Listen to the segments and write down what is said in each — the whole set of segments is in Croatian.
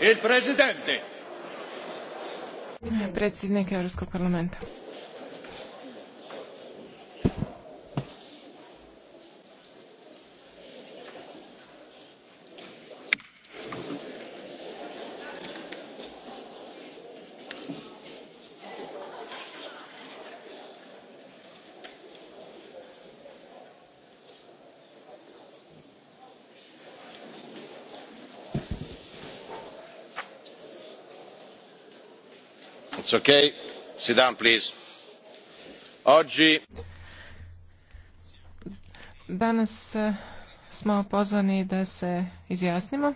il presidente predsjednik europskog parlamenta Danas e, smo pozvani da se izjasnimo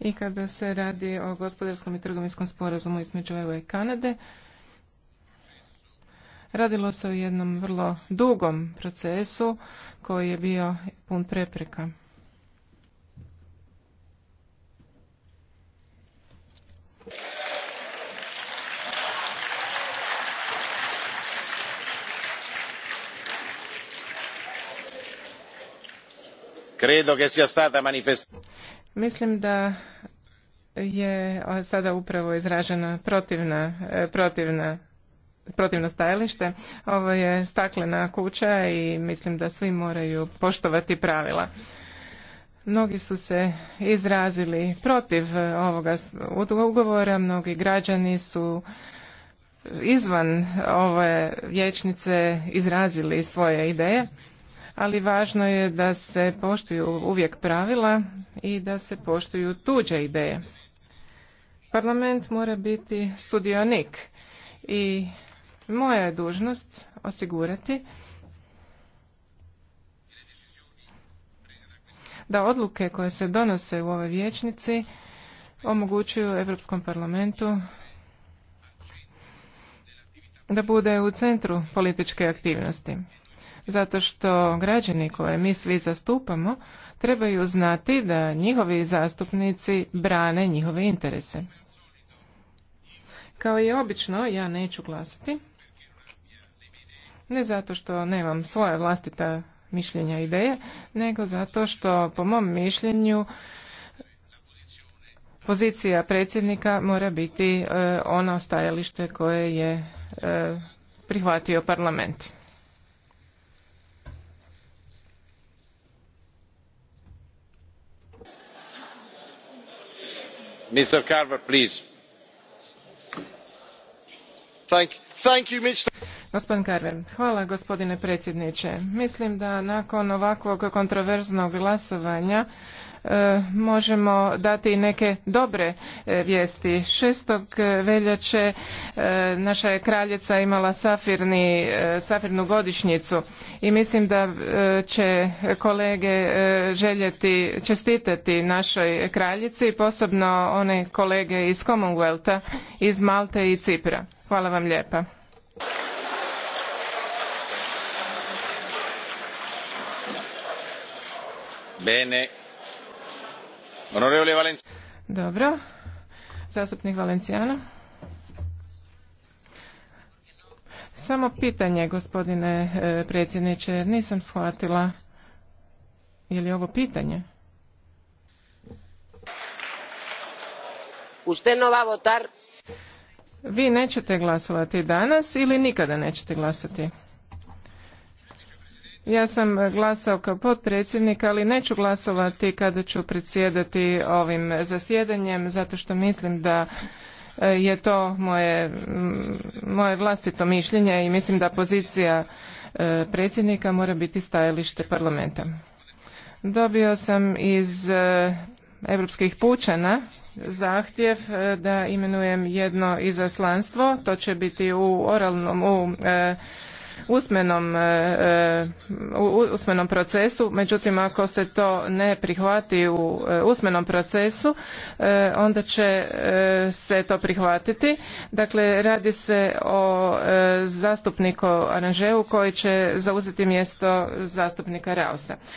i kada se radi o gospodarskom i trgovinskom sporazumu između EU i Kanade, radilo se o jednom vrlo dugom procesu koji je bio pun prepreka. Mislim da je sada upravo izražena e, protivno stajalište. Ovo je staklena kuća i mislim da svi moraju poštovati pravila. Mnogi su se izrazili protiv e, ovoga ugovora, mnogi građani su izvan ove vječnice izrazili svoje ideje ali važno je da se poštuju uvijek pravila i da se poštuju tuđe ideje. Parlament mora biti sudionik i moja je dužnost osigurati da odluke koje se donose u ovoj vijećnici omogućuju Europskom parlamentu da bude u centru političke aktivnosti zato što građani koje mi svi zastupamo trebaju znati da njihovi zastupnici brane njihove interese. Kao i obično, ja neću glasati, ne zato što nemam svoje vlastita mišljenja i ideje, nego zato što, po mom mišljenju, pozicija predsjednika mora biti e, ono stajalište koje je e, prihvatio parlament. Mr. Carver, please. Thank, thank you, Mr. Gospodin hvala gospodine predsjedniče. Mislim da nakon ovakvog kontroverznog glasovanja e, možemo dati i neke dobre e, vijesti. 6. veljače e, naša je kraljica imala safirnu godišnjicu i mislim da će kolege željeti čestitati našoj kraljici, posebno one kolege iz Commonwealtha, iz Malte i Cipra. Hvala vam lijepa. Dobro. Zastupnik Valencijana. Samo pitanje, gospodine e, predsjedniče, nisam shvatila. Je li ovo pitanje? Vi nećete glasovati danas ili nikada nećete glasati? Ja sam glasao kao potpredsjednik, ali neću glasovati kada ću predsjedati ovim zasjedanjem, zato što mislim da e, je to moje, moje vlastito mišljenje i mislim da pozicija e, predsjednika mora biti stajalište parlamenta. Dobio sam iz e, europskih pučana zahtjev da imenujem jedno izaslanstvo, to će biti u oralnom, u usmenom, e, e, u usmenom procesu, međutim ako se to ne prihvati u e, usmenom procesu, onda će se to prihvatiti. Dakle, radi se o zastupniku Aranžeu koji će zauzeti mjesto zastupnika Rausa.